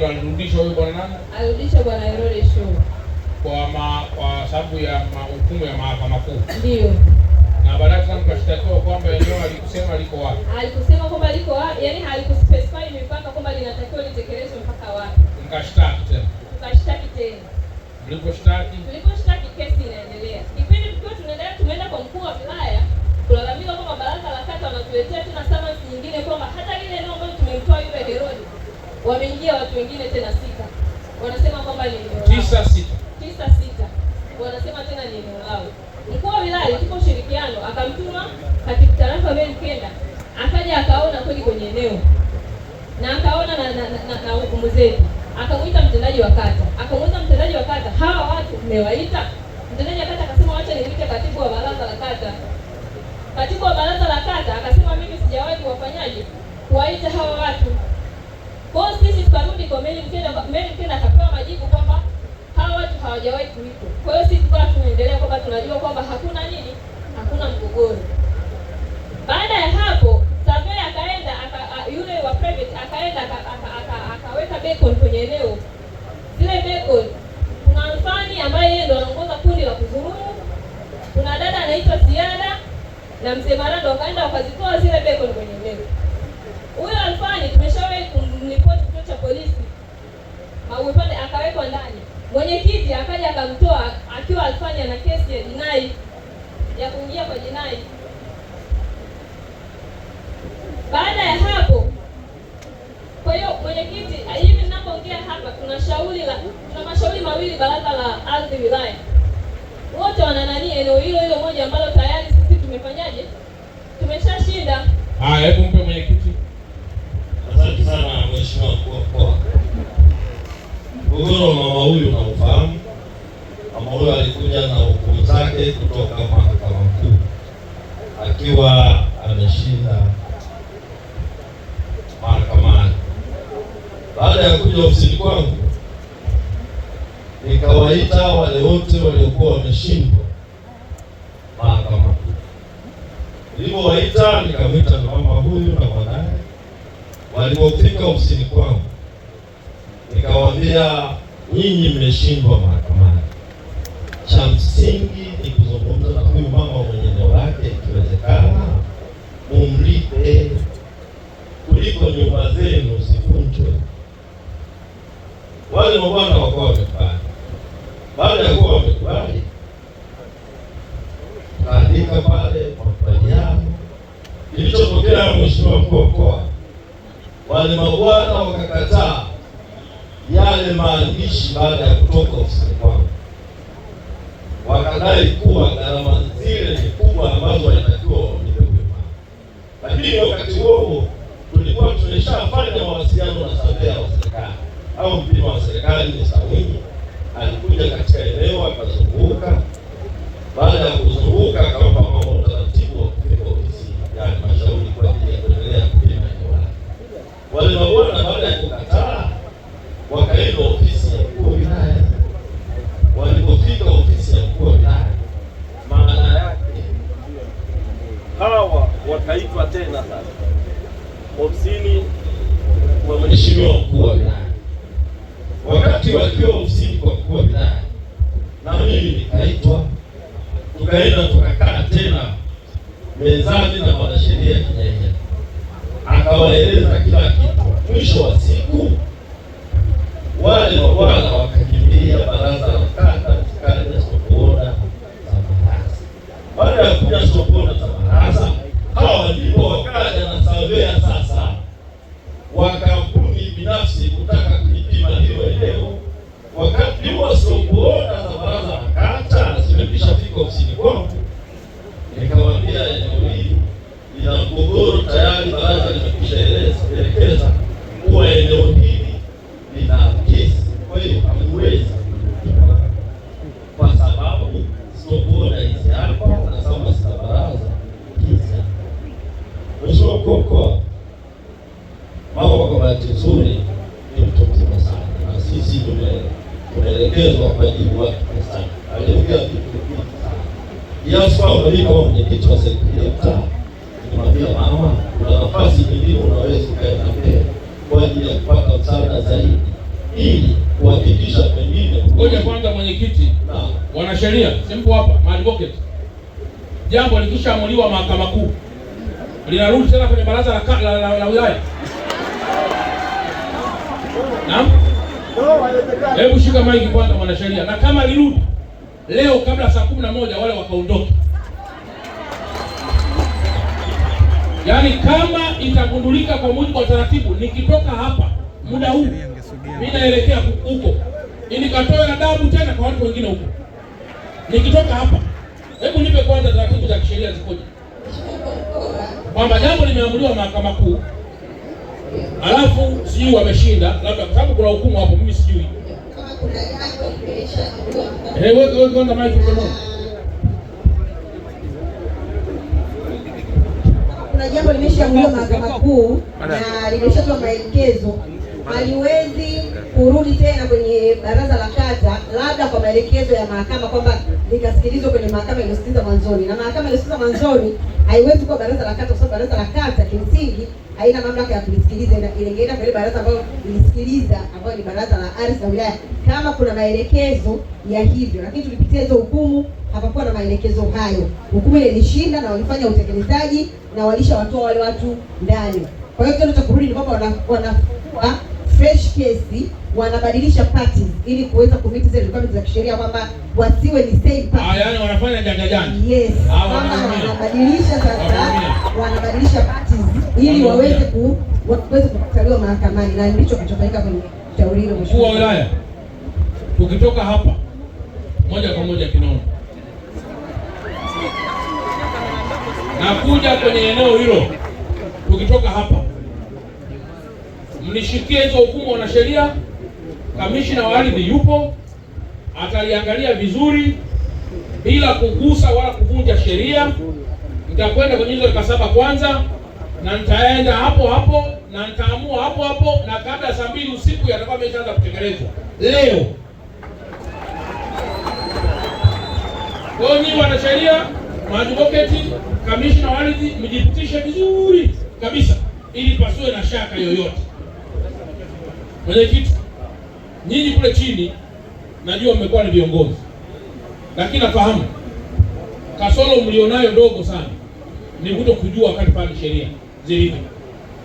kanirudisha huyo bwana nani? Alirudisha bwana Herode Show. Kwa ma, kwa sababu ya hukumu ya mahakama kuu. Ndio. Na baadaye sasa mkashtakiwa kwamba eneo alikusema liko wapi? Alikusema kwamba liko wapi? Yaani halikuspecify mipaka kwamba linatakiwa litekelezwe mpaka wapi. Mkashtaki tena. Mkashtaki tena. Mliposhtaki? Tuliposhtaki kesi inaendelea. Kipindi tukiwa tunaendelea tumeenda kwa mkuu wa wilaya kulalamika kwamba baraza la kata wanatuletea tena summons nyingine kwamba hata lile eneo ambalo tumemtoa yule Herode wameingia watu wengine tena sita, wanasema kwamba ni eneo lao tisa sita, tisa sita, wanasema tena ni eneo lao. Mkuu wa wilaya tuko ushirikiano, akamtuma katibu tarafa Ben Kenda, akaja akaona kweli kwenye eneo na akaona na, na, na, na, na hukumu zetu, akamwita mtendaji wa kata, akamuuliza mtendaji wa kata, hawa watu mmewaita? Mtendaji wa kata akasema wacha nimuite katibu wa baraza la kata. Katibu wa baraza la kata akasema mimi sijawahi kuwafanyaje kuwaita hawa watu kwa hiyo sisi tukarudi kwa Mary Mkenda, Mary Mkenda akapewa majibu kwamba hawa watu hawajawahi kuitwa. Kwa hiyo sisi tukawa tunaendelea kwamba tunajua kwamba hakuna nini, hakuna mgogoro. Baada ya hapo Samuel akaenda aka, yule wa private akaenda akaweka bacon kwenye eneo zile bacon. Kuna Alfani ambaye yeye ndo anaongoza kundi la kuzurumu, kuna dada anaitwa Ziada na mzee Marando, wakaenda wakazitoa zile bacon kwenye eneo yuko ndani. Mwenyekiti akaja akamtoa akiwa alifanya na kesi ya jinai ya kuingia kwa jinai. Baada ya hapo, kwa hiyo mwenyekiti, hivi ninapoongea hapa, kuna shauri la kuna mashauri mawili baraza la ardhi wilaya wote wananania eneo hilo hilo moja ambalo tayari sisi tumefanyaje, tumeshashinda. Haya, hebu mpe mwenyekiti mchoro wa mama huyu unamfahamu. Mama huyu alikuja na hukumu zake kutoka mahakama kuu akiwa ameshinda mahakamani. Baada ya kuja ofisini kwangu, nikawaita wale wote waliokuwa wameshindwa mahakama kuu. Nilipowaita, nikamwita na mama huyu na mwanaye. Walipofika ofisini kwangu, nikawaambia nyinyi mmeshindwa mahakamani. Cha msingi ni kuzungumza na huyu mama mwenye eneo lake, ikiwezekana mumlipe kuliko nyumba zenu zivunjwe. Wale mabwana wakuwa wamekubali, baada ya kuwa wamekubali kaandika pale makubaliano. Kilichotokea mheshimiwa mkuu wa mkoa, wale mabwana wakakataa yale maandishi baada ya kutoka ofisini kwangu, wakadai kuwa gharama zile ni kubwa ambazo walitakiwa walipe. Lakini wakati huo tulikuwa tumeshafanya mawasiliano na sabea wa serikali au mpima wa serikali ni sawini alikuja katika eneo akazunguka. Baada ya kuzunguka, akampa mama utaratibu wa kufika ofisi ya yaani, halmashauri kwa ajili ya kuendelea kupima eneo lake wale mabwana wakaenda ofisi ya mkuu wa wilaya. Walipofika ofisi ya mkuu wa wilaya, maana yake hawa wakaitwa tena sasa ofisini kwa mheshimiwa mkuu wa wilaya. Wakati wakiwa ofisini kwa mkuu wa wilaya, na mimi nikaitwa, tukaenda tukakaa tena mezani na mwanasheria Kinyeya, akawaeleza kila kitu. Mwisho wa siku mama alivyo mwenyekiti wa serikali ya mtaa, nimwambia mama, kuna nafasi nyingine unaweza ukaenda kwa ajili ya kupata msaada zaidi, ili kuhakikisha pengine. Ngoja kwanza, mwenyekiti, mwanasheria simpo hapa, maadvocate, jambo likishaamuliwa mahakama kuu linarudi tena kwenye baraza la la, la, la wilaya. Naam, hebu shika maiki kwanza mwanasheria, na kama lirudi leo kabla saa kumi na moja wale wakaondoke Yaani kama itagundulika kwa mujibu wa taratibu, nikitoka hapa muda huu mimi naelekea huko ili katoe adabu tena kwa watu wengine huko. Nikitoka hapa, hebu nipe kwanza taratibu za kisheria zikoje, kwamba jambo limeamuliwa mahakama kuu, alafu sijui wameshinda, labda kwa sababu kuna hukumu hapo, mimi sijui. jambo limeshaamuliwa Mahakama Kuu na limeshatoa maelekezo, haliwezi kurudi tena kwenye baraza la kata, labda kwa maelekezo ya mahakama kwamba likasikilizwa kwenye mahakama iliyosikiliza mwanzoni, na mahakama iliyosikiliza mwanzoni haiwezi kuwa baraza la kata, kwa sababu baraza la kata kimsingi haina mamlaka ya kulisikiliza. Ingeenda kwa ile baraza ambayo ilisikiliza, ambayo ni baraza la ardhi ya wilaya, kama kuna maelekezo ya hivyo, lakini tulipitia hizo hukumu, hapakuwa na maelekezo hayo. Hukumu ile ilishinda na walifanya utekelezaji na walishawatoa wale watu ndani. Kwa hiyo kitendo cha kurudi ni kwamba wanakuwa fresh case wanabadilisha party ili kuweza kumiti zile requirements za kisheria kwamba wasiwe ni same party. Ah, yani wanafanya janja janja. Yes. Ah, kama Wanabadilisha sasa, wanabadilisha parties ili waweze ku waweze kukataliwa mahakamani na ndicho kilichofanyika kwenye shauri hilo. Mkuu Kwa wilaya, tukitoka hapa moja kwa moja Kinondoni Nakuja kwenye eneo hilo, tukitoka hapa mnishikie hizo hukumu. sheria, kamishina wa ardhi yupo, ataliangalia vizuri bila kugusa wala kuvunja sheria. Nitakwenda kwenye hizo kasaba kwanza, na nitaenda hapo hapo na nitaamua hapo hapo, na kabla ya saa mbili usiku yatakuwa ameshaanza kutekelezwa leo. Kwa hiyo wana sheria, maadvocate, kamishna wa ardhi, mjipitishe vizuri kabisa, ili pasiwe na shaka yoyote. Mwenyekiti, nyinyi kule chini najua mmekuwa ni viongozi, lakini nafahamu kasoro mlionayo ndogo sana ni kuto kujua wakati pale sheria zilivyo.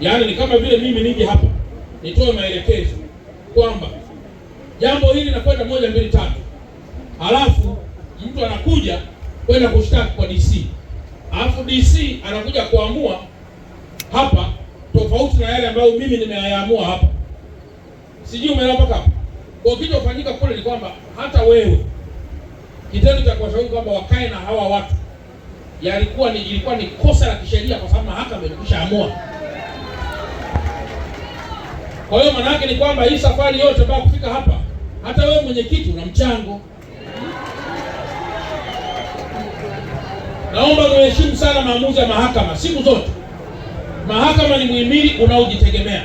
Yaani ni kama vile mimi niji hapa nitoe maelekezo kwamba jambo hili nakwenda moja mbili tatu, halafu mtu anakuja kwenda kushtaki kwa DC, alafu DC anakuja kuamua hapa tofauti na yale ambayo mimi nimeyaamua hapa sijui umeelewa mpaka hapo. Kwa kufanyika kule ni kwamba hata wewe kitendo cha kuwashauri kwamba wakae na hawa watu yalikuwa ni ilikuwa ni kosa la kisheria, kwa sababu mahakama ilikwisha amua. Kwa hiyo maana yake ni kwamba hii safari yote mpaka kufika hapa, hata wewe mwenyekiti una mchango. Naomba muheshimu sana maamuzi ya mahakama siku zote. Mahakama ni muhimili unaojitegemea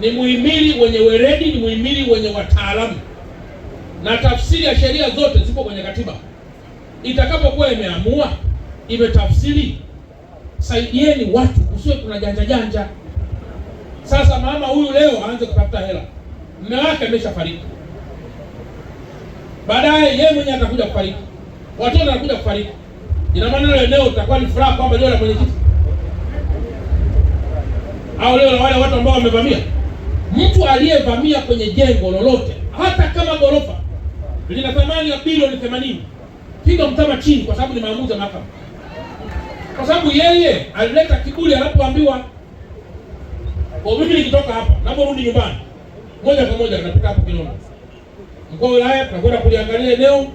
ni muhimili wenye weledi, ni muhimili wenye wataalamu, na tafsiri ya sheria zote zipo kwenye katiba. Itakapokuwa imeamua imetafsiri, saidieni watu, usiwe kuna janja janja. Sasa mama huyu leo aanze kutafuta hela, mme wake ameshafariki, baadaye yeye mwenyewe atakuja kufariki, watoto atakuja kufariki. Ina maana leo eneo litakuwa ni furaha kwamba leo la mwenyekiti au leo la wale watu ambao wamevamia mtu aliyevamia kwenye jengo lolote, hata kama ghorofa lina thamani ya bilioni 80, piga mtama chini, kwa sababu ni maamuzi ya mahakama, kwa sababu yeye alileta kiburi anapoambiwa kwa mimi nikitoka hapa naporudi nyumbani moja kwa moja napita hapo Kinondoni. Mkuu wa wilaya tunakwenda kuliangalia eneo,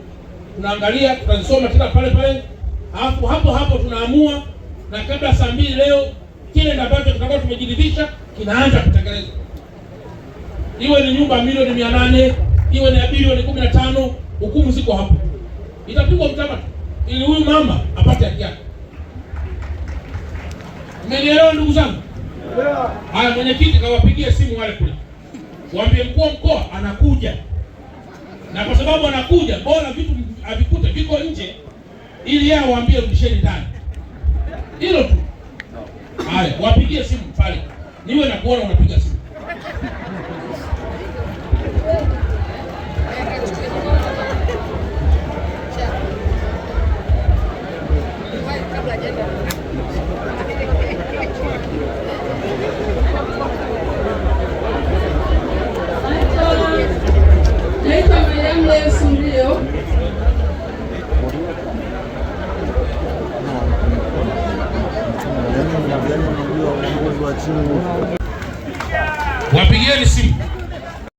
tunaangalia tunasoma tena pale pale, alafu hapo hapo tunaamua, na kabla saa mbili leo kile ambacho tutakuwa tumejiridhisha kinaanza kutekelezwa iwe ni nyumba milioni mia nane iwe ni bilioni kumi na tano hukumu ziko hapo, itapigwa mtama ili huyu mama apate haki yake. Mmenielewa ndugu zangu? Haya, mwenyekiti kawapigie simu wale kule, waambie mkuu wa mkoa anakuja, na kwa sababu anakuja, bora vitu avikute viko nje, ili yeye awaambie rudisheni ndani. Hilo tu. Haya, wapigie simu pale, niwe na kuona unapiga simu Yeah.